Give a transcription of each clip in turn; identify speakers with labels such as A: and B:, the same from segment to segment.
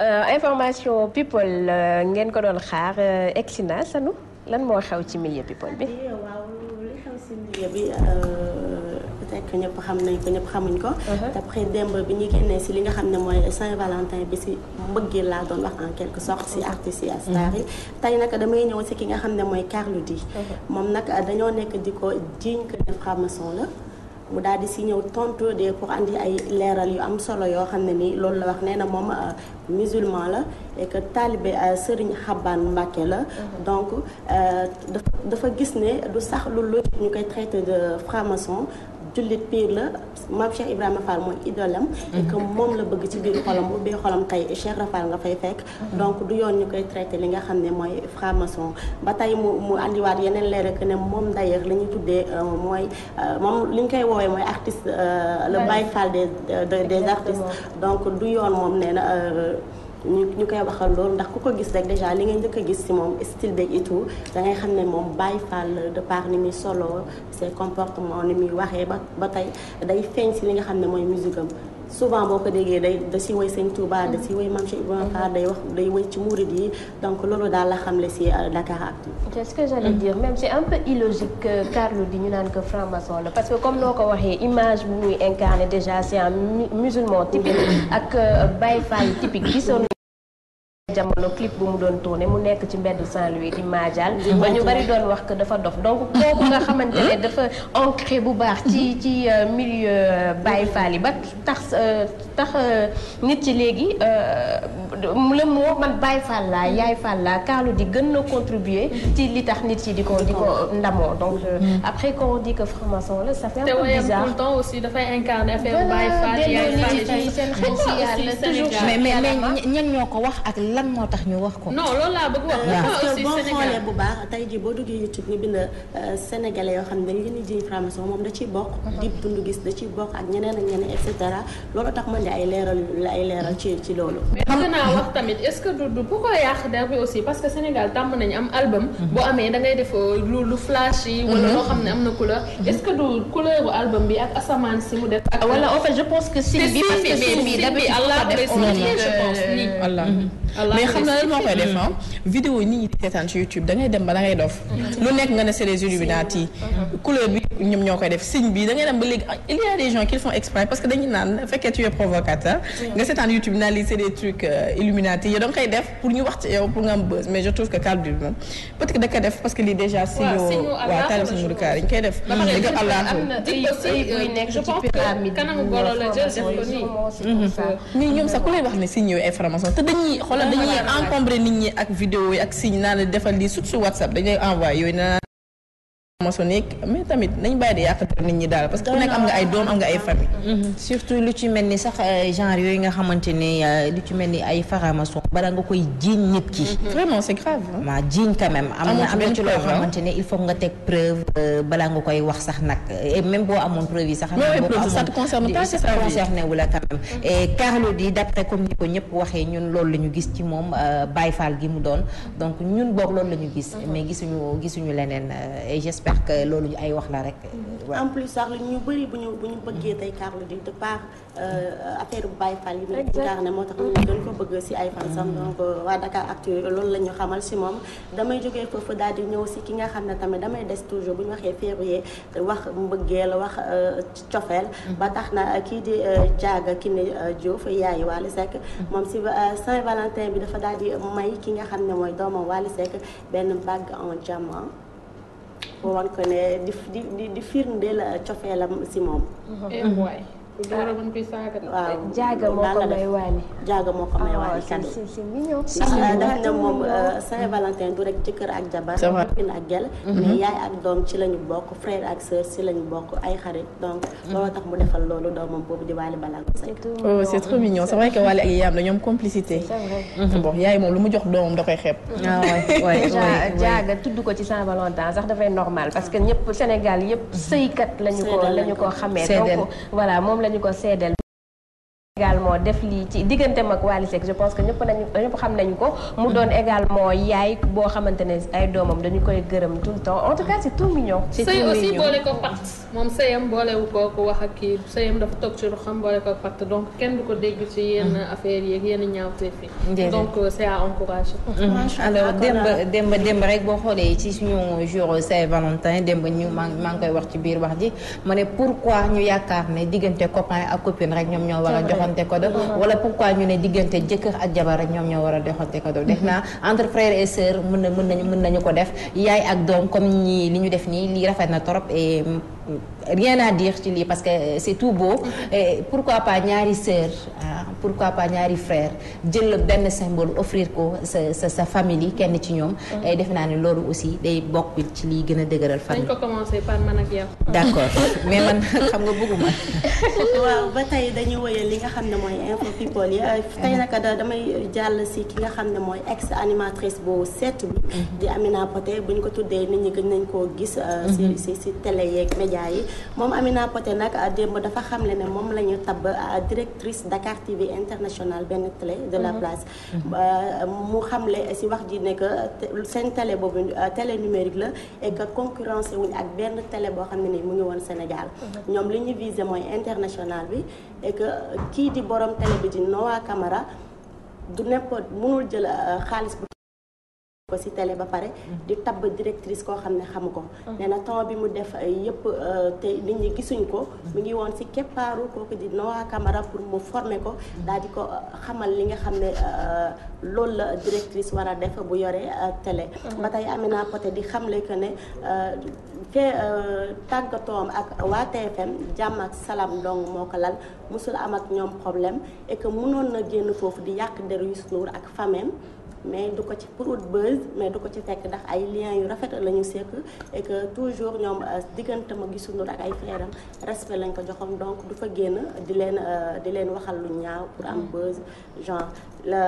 A: Euh, information people euh, ngeen ko doon xaar euh, egsi na sanu lan
B: moo xew ci milieu people bi. Eh, waaw li xew ci milieu bi. peut-être que ñëpp xam nañ ko ñëpp xamuñ ko. Uh-huh. d'après démb bi ñu génnee si li nga xam ne mooy Saint-Valentin bi si mbëggeel laa doon wax en quelque sorte si artistes yi star yi. Uh-huh. tey nag damay ñëw si ki nga xam ne mooy Carlou di uh-huh. moom nag dañoo nekk di ko jiiñ que ne franc la. mu daal di si ñëw tontu de pour andi ay leeral yu am solo yoo xam ne ni loolu la wax nee na moom euh, musulman la et que taalibe euh, Serigne Xaban Mbàkke la. Mhm. donc euh, dafa gis ne du sax lu logique ñu koy traité de franc jullit piir la maam Cheikh Ibrahima Fall mooy idolam et que mhm. moom la bëgg ci biir xolam bu biir xolam tey Cheikh Rafal nga fay fekk mhm. donc du yoon ñu koy traité li nga xam ne mooy franc ba tey mu mu andiwaat yeneen lay rek ne moom d'ailleurs li ñu tuddee euh, mooy euh, moom li ñu koy woowee mooy artiste euh, le Baye Fall des des artistes donc du yoon moom nee na ñu ñu koy waxal loolu ndax ku ko gis rek déjà li ngay njëkk a gis ci moom style beeg et tout xam ne moom Baye Fall de par ni muy solo ses comportements ni muy waxee ba ba tey day feeñ si li nga xam ne mooy musique am boo ko déggee day da si woy Sëñ Touba da si woy Mame mhm. day wax day woy ci murid yi donc loolu daal la xamle si euh, Dakar Actu.
A: c'est ce que j'allais mhm. di ñu naan que franc-maçon la que comme noo ko waxee image bu muy incarné déjà c'est un musulman typique ak euh, Baye Fall typique gisoon clip bu mu doon tourné mu nekk ci mbedd Saint-Louis di maajaal ba ñu bari doon wax que dafa dof donc kooku nga xamante ne dafa ancré bu baax ci ci euh, milieu euh, Baye Fall yi ba tax euh, tax nit ci léegi le mot man Baye Fall laa laa kaalu di gën contribuer ci li tax nit yi di ko di ko ndamoo donc mm. après quand on dit que franc la ça fait un peu bizarre
C: aussi dafay incarner affaire Yaay Fall
D: ñoo ko wax ak lan moo tax ñu wax ko. non loolu laa bëgg wax. parce que boo xoolee
C: bu baax
B: boo duggee YouTube ñu bind euh, sénégalais yoo xam ne dañ leen di jiñ franc-maçon moom da ciy bokk. Mhm. di dund gis da ciy bokk ak ñeneen ak ñeneen et cetera loolu tax man di ay leeral ay leeral ci ci loolu. mais bëgg naa wax
C: tamit est que du du bu ko yàq der bi aussi parce que Sénégal tàmm nañu am album. Mhm. boo amee da ngay def euh, lu lu flash yi. wala mhm. loo xam ne am na couleur. est-ce que du couleur bu album bi ak asamaan si mu def. ak wala ah, en fait je pense que. si bi
E: parce moo nit ñi di ci YouTube da dem ba da dof lu nekk nga ne c'est les Illuminati couleur bi ñoom ñoo koy def signe bi da dem ba léegi ah, il y a des gens parce que dañu naan fekkee tu es provocateur nga seetaan YouTube naa lii c'est des trucs euh, illuminati yow da koy def pour ñu wax ci yow pour nga am mais ko mhm. ñoom sax ku leen wax ne signe yooyu information te dañuy xoolal dañuy encombrer nit ñi ak vidéo yi ak signe naa la defal lii surtout WhatsApp dañuy envoyé yooyu maçonnique mais tamit nañ bàyyi di yàq nit ñi daal parce que ku nekk am nga ay doom am nga ay famille.
D: Mm-hmm. surtout lu ci mel ni sax euh, euh, jiiñ nit ki. Mm-hmm. vraiment c'est na am ci loo xamante ne il faut nga teg preuve euh, balaa nga koy wax sax nag et boo amoon preuve yi sax. boo ko amoon ça te concerne pas ça concerne wu la quand même. Mm-hmm. et Carlou D d'après comme ni ko ñëpp waxee ñun loolu la ñu gis ci moom Baye Fall gi mu doon donc ñun boog loolu la ñu gis. mais gisuñu gisuñu leneen tax loolu ay wax la rek.
B: Eh, en plus sax lu ñu bëri bu ñu bu ñu bëggee tey Carlou di de par euh, affaire bu Baye Fall yi mu incarné moo tax ñu gën mm-hmm. ko bëgg si ay fan sam mm-hmm. donc euh, waa Dakar Actu loolu la ñu xamal si moom damay jógee foofu daal di ñëw si ki nga xam ne tamit damay des toujours bu ñu waxee février wax mbëggeel wax euh, cofeel mm-hmm. ba tax na kii di jaaga ki ne Diouf yaayu Wally Seck moom si Saint-Valentin bi dafa daal di may ki nga xam ne mooy doomam Wally Seck benn bague en diamant pour wan ne di di di firndeel cofeelam si moom.
C: Eh, Ah. waaw jaaga moo ko may
B: waali jaaga moo ko may ah, waali cadeau si
A: si mignon ah, dafa ne moom euh, Saint
B: ak jabar copine mhm. ak doom ci lañu bokk frère ak sœur ci lañu bokk ay xarit donc mhm. looloo tax mu defal loolu doomam boobu di waali balaa oh c'est trop mignon c'est vrai que waali ak
E: yaayam la ñoom complicité mhm. bon yaay moom lu mu jox doomam da koy xeeb jaaga
B: tudd ko ci Saint
A: Valentin sax dafay normal parce que ñëpp Sénégal yëpp sëykat lañu ko lañu ko xamee donc voilà moom la ñu ko seedeel également def lii ci digganteem ak Wally Seck je pense que ñëpp nañu ñëpp xam nañu ko mu doon également yaay boo xamante ne ay doomam dañu koy gërëm tout le temps en tout cas
C: wax ci ruxam boole ko pat donc kenn du ko dégg ci ak yenn
D: rek boo xoolee ci suñu jour saint ñu yaakaar ne diggante copain ak copine rek ñoom ñoo war a jox joxante pourquoi ñu ne diggante jëkkër ak jabar rek ñoom ñoo war a joxante cadeau def naa entre frère et na mën nañu nañu ko def yaay ak doom comme ñi li ñu def nii lii rafet na trop rien à dire ci lii parce que euh, c'est tout beau mm-hmm. et pourquoi pas ñaari sœur pour ah, pourquoi pas ñaari frère jël benn symbole offrir ko sa sa sa famille kenn ci ñoom. Mm-hmm. et defe naa ne loolu aussi day bokk ci lii gën a dëgëral famille. dañ
C: ko commencer par man ak yow.
D: d'accord mais man xam nga bëgguma.
B: ba tey dañuy li nga xam ne mooy info people euh, mm-hmm. damay jàll si ki nga xam ne mooy ex animatrice boobu set bi. di Amina Poté buñ ko tuddee nit ñi gën nañ koo gis. Euh, si si si télé yeeg médias yi moom Amina Poté nag ah, démb dafa xamle ne moom la ñu tabb ah, directrice Dakar TV international benn télé de la mhm. place mhm. mu xamle si wax ji ne que seen télé boobu ah, télé numérique la et que concurrence wuñ ak benn télé boo xam ne ni mu ngi woon Sénégal mhm. ñoom li ñu visé mooy international bi et que kii di borom télé bi di Noah Camara du nepp mënul jël xaalis bu ko ci télé ba pare mm-hmm. di tabb directrice koo xam ne xamu ko mm-hmm. nee na temps bi mu def euh, yëpp euh, te nit ñi gisuñ ko mm-hmm. mu ngi woon ci keppaaru kooku di Noah Camara pour mu former ko daal di ko euh, xamal li nga xam ne loolu la directrice war a def bu yore télé ba tey Amina Poté di xamle que ne te tàggatoom ak waa TFM jàmm ak salaam ndong moo ko lal musul am ak ñoom problème et que mënoon na génn foofu di yàq deru Youssou Ndour ak famem mais du ko ci pour wut buzz mais du ko ci fekk ndax ay liens yu rafetal la ñu sekk et que toujours ñoom euh, diggante ma gisuñu ak ay frère am respect lañ ko joxoon donc du fa génn di leen euh, di leen waxal lu ñaaw pour am mm. buzz genre la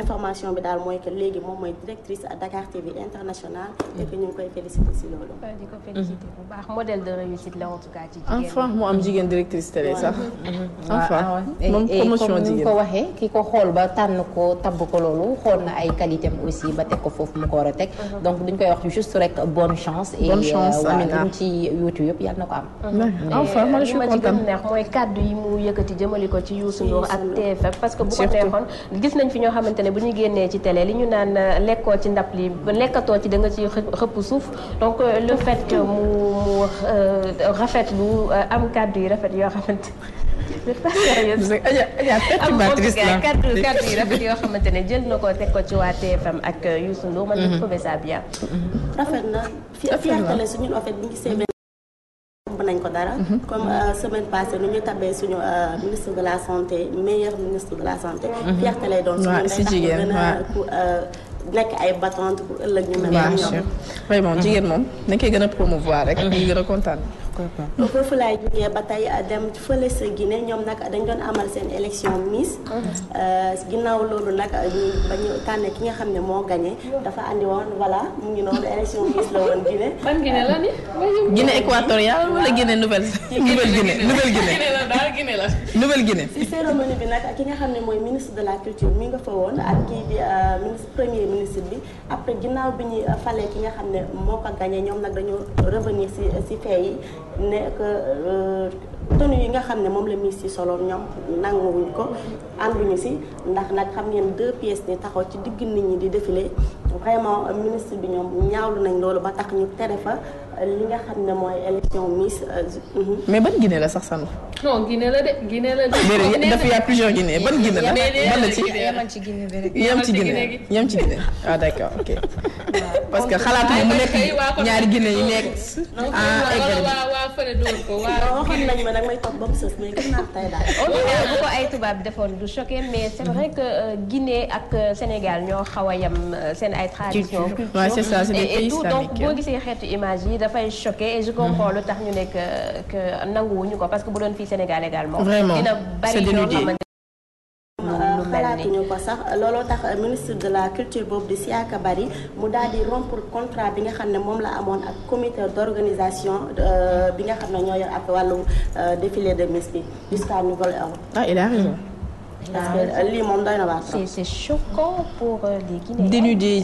B: information bi daal mooy que léegi moom mooy directrice à Dakar TV international mm. et que ñu ngi koy féliciter ci loolu. di ko mm-hmm. féliciter bu baax ko
D: waxee ki ko xool ba tànn ko tabb ko loolu xool na ay qualité aussi ba teg ko foofu mu ko war a teg. Mm-hmm. donc duñ koy wax juste rek bonne chance. bonne chance euh, amiin et ci yóotu na ko am.
B: Mm-hmm. enfin man je suis contente.
A: mooy kàddu yi mu yëkkati jëmale ko ci Youssou Ndour ak TFM parce que bu ko neexoon gis nañ fi ñoo xamante ne bu ñu génnee ci télé li ñu naan euh, lekkoo ci ndab li lekkatoo ci danga ci xëpp suuf donc euh, le fait que mu mu euh, rafetlu am kàddu yi rafet yoo xamante am kàddu kàddu yi rafet yoo xamante ne jël na ko teg ci waa TFM ak Youssou Ndour man na mm-hmm. trouvé ça bien mm-hmm.
B: rafet na fi fierté la su ñun en fait bu ñu nañ ko dara. Mhm. comme euh, semaine passée nu ñu tabee suñu euh, ministre de la santé meilleur ministre de la santé. Mhm. fierté lay doon suñu si jigéen euh, nekk ay battante pour ëllëg ñu mel. bien sûr
E: vraiment jigéen moom dañ koy gën a promouvoir rek. Mhm. ñu gën a kontaan. pourquoi pas.
B: foofu laay jugee ba tey euh, dem fële sa Guinée ñoom nag dañ doon amal seen élection Miss. Mm-hmm. Euh, ginnaaw loolu nag euh, ñu ba ñu tànn ki nga xam ne moo gagné dafa andi woon mu ngi noonu élection Miss la woon Guinée. ban Guinée la ni. Guinée équatoriale wala si cérémonie bi nag ki nga xam ne mooy ministre de la culture mi nga fa woon ak kii di ministre premier ministre bi après ginnaaw bi ñu falee ki nga xam ne moo ko gagné ñoom nag dañoo revenir si si fee yi. nekk euh, tenue yi nga xam ne moom la Miss yi soloon ñoom nanguwuñ ko ànduñu si ndax nag xam ngeen deux pièces ni taxaw ci digg nit ñi di défilé vraiment ministre bi ñoom ñaawlu nañ loolu ba tax ñu tere fa li nga xam ne mooy élection Miss euh, mhm. mais ban Guinée la sax sanu
C: non Guinée la de Guinée la de. dafa yaa
E: plusieurs Guinée ban Guinée la. ban la ci
C: yam ci Guinée bi yam ci Guinée
E: yam ci Guinée ah d'accord ok.
C: parce que xalaatu mu nekk
E: ñaari Guinée yi nekk.
B: ah égal bi waa fële doon ko waaw. waxoon nañ ma nag may toog
A: ba mu sës mais gis naa tey daal. Oh, bu ko ay tubaab defoon du choqué mais c'est vrai que euh, Guinée ak euh, Sénégal ñoo xaw a yam euh, seen ay traditions. waaw c'est ça c'est des pays islamiques donc boo gisee xeetu image yi dafay choqué et je comprends mm-hmm. lu tax ñu nekk que nanguwuñu ko parce que bu doon fii fii Sénégal également. vraiment dina bari ñoo xamante
B: euh, xalaatuñu ko sax looloo tax euh, ministre de la culture boobu di Siaka Bari mu daal di rompre contrat bi nga xam ne moom la amoon ak comité d' organisation euh, bi nga xam ne ñoo yor ak wàllu défilé de Miss bi jusqu'à nouvel ordre.
E: Ah, parce que lii moom doy na waar.
B: c'est c'est
C: choquant
E: euh,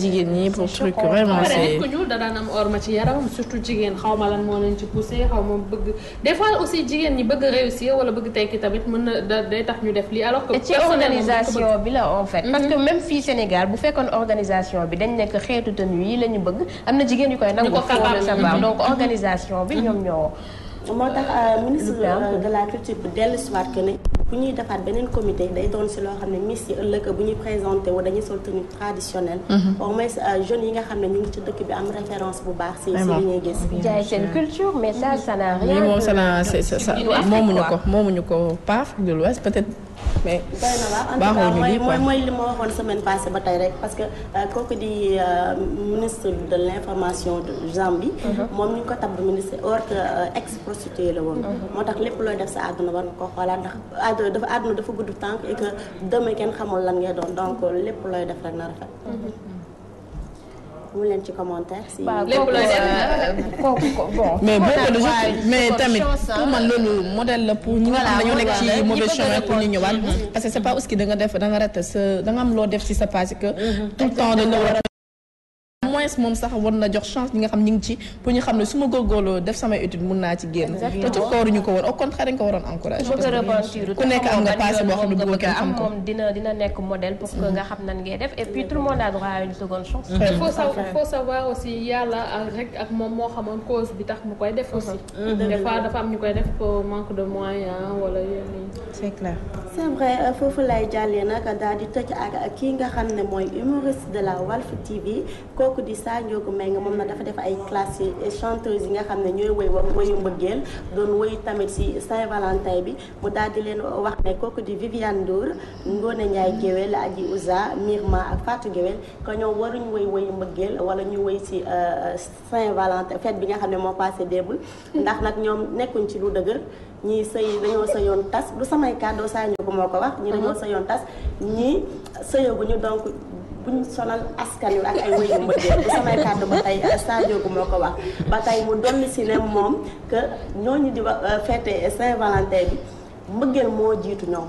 E: jigéen ñi pour truc vraiment c'est. ku
C: ñuul ci yaram surtout jigéen xaw ma lan moo leen ci poussé xaw bëgg des fois aussi jigéen ñi bëgg réussir wala bëgg tekki tamit mën na day tax ñu def lii alors que. ci organisation
A: bi la en fait. parce que mhm. même fii Sénégal bu fekkoon organisation bi dañ nekk xeetu tenue yi la ñu bëgg am na jigéen ñu koy nangu. ñu mhm. donc
B: organisation bi ñoom ñoo. moo tax euh, ministre euh, de la culture bu dellusiwaat que ne. bu ñuy defaat beneen comité day doon si loo xam ne miss yi ëllëg bu ñuy présenté wu dañuy sol tenue traditionnelle mhm. au moins euh, jeunes yi nga xam ne ñu ngi ci dëkk bi am référence bu baax si si li ñuy gis jaay seen culture mais ça moom ça
E: n'a moomuñu ko moomuñu ko Pape de l'Ouest peut mais
B: doy mooy li ma waxoon semaine passée ba tey rek parce que euh, kooku di euh, ministre de l' information de Zambie mhm. moom ñu ngi ko tabb ministre or euh, ex prostituée la woon mhm. moo tax lépp looy def sa àdduna war nga ko xoolaat ndax àdduna dafa àdduna dafa gudd tànk et que demain kenn xamul lan ngay doon donc lépp looy def rek na rafet mhm. mu leen ci commentaire. si euh,
C: mais beaucoup de gens mais tamit pour man loolu
B: modèle la pour
E: ñi nga xam ne dañoo nekk ci mauvais chemin pour ñu ñëwaat. Mm-hmm. parce que pas aussi da nga def da nga raté sa da am loo def ci sa page que mm-hmm. tout temps dañ la moins moom sax war na jox chance ñi nga xam ñu ngi ci pour ñu xam ne su ma góorgóorloo def samay étude mun naa ci génn te ci kooruñu ko woon au contraire dañ ko waroon encouragé ku nekk am nga passé boo xam ne bëgg nga am ko
A: dina dina nekk modèle pour que nga xam nan ngay def et puis tout le monde a droit à une seconde chance il faut
C: savoir aussi yàlla ak rek ak moom moo xamoon cause bi tax mu koy def mhm. aussi mhm. des fois dafa am ñu koy def pour manque de moyens wala yenn yi
B: c'est clair c'est vrai euh, foofu lay jàllee nag daal di tëj ak kii nga xam ne mooy humoriste de la Walf TV kooku di Issa Ndiogou Mbengue moom na dafa def ay classes yi chanteuses yi nga xam ne ñooy woy wa woyu mbëggeel doon woyu tamit si Saint-Valentin bi mu daal di leen wax ne kooku di Viviane Ndour Ngone Ndiaye Géwél Adji Ouza Mirma ak Fatou Géwél que ñoom waruñu woy woyu mbëggeel wala ñu woy si euh, Saint-Valentin fête bi nga xam ne moo passé déebul ndax nag ñoom nekkuñ ci lu dëgër ñii sëy dañoo sëyoon tas du samay kàddoo saa ñu ko moo ko wax ñi dañoo sëyoon tas ñii sëyaguñu donc buñ solal askan wi ak ay wéyu mbëggeel bu samay kàddu ba tey Sadio moo ko wax ba tey mu dolli si ne moom que ñooñu di wax euh, Saint-Valentin bi mbëggeel moo jiitu ñoom.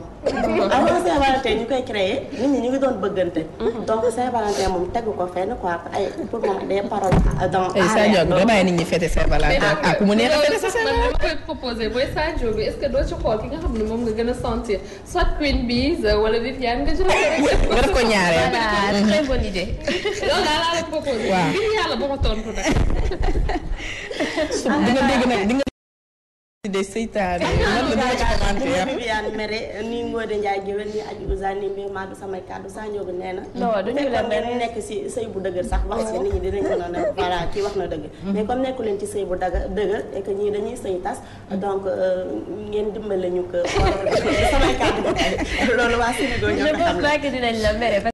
B: avant Saint-Valentin ñu koy créé nit ñi ñu ngi doon bëggante. donc Saint-Valentin moom tegu ko fenn quoi ay pour moom des paroles dans. ay Sadio
E: nga bàyyi nit ñi fête Saint-Valentin ah ku mu
C: neex a fête sa Saint-Valentin. man koy proposé mooy Sadio bi est-ce que doo ci xool ki nga xam ne moom nga gën a sentir soit Queen Biz wala Viviane nga jël rek. nga def ko ñaareel. voilà très bonne idée. loolu daal laa la proposé. waaw ngir yàlla ba ma tontu nag.
B: di nga dégg nag
E: di nga de seytaane man la dama ci commentaire Viviane
B: mere ni Ngoda Ndiaye géwél ni aji usa ni mbir maa du samay kàddu saa ñëw bi nee na non duñu la nekk si sëy bu dëgër sax wax si nit ñi dinañ ko noonu voilà wax na dëgg mm-hmm. mais comme nekku leen ci sëy bu daga dëgër et ñii dañuy sëy tas mm-hmm. donc euh, ngeen dimbale ñu ko samay
A: kàddu loolu waa Sénégal ñoo ko xam la mere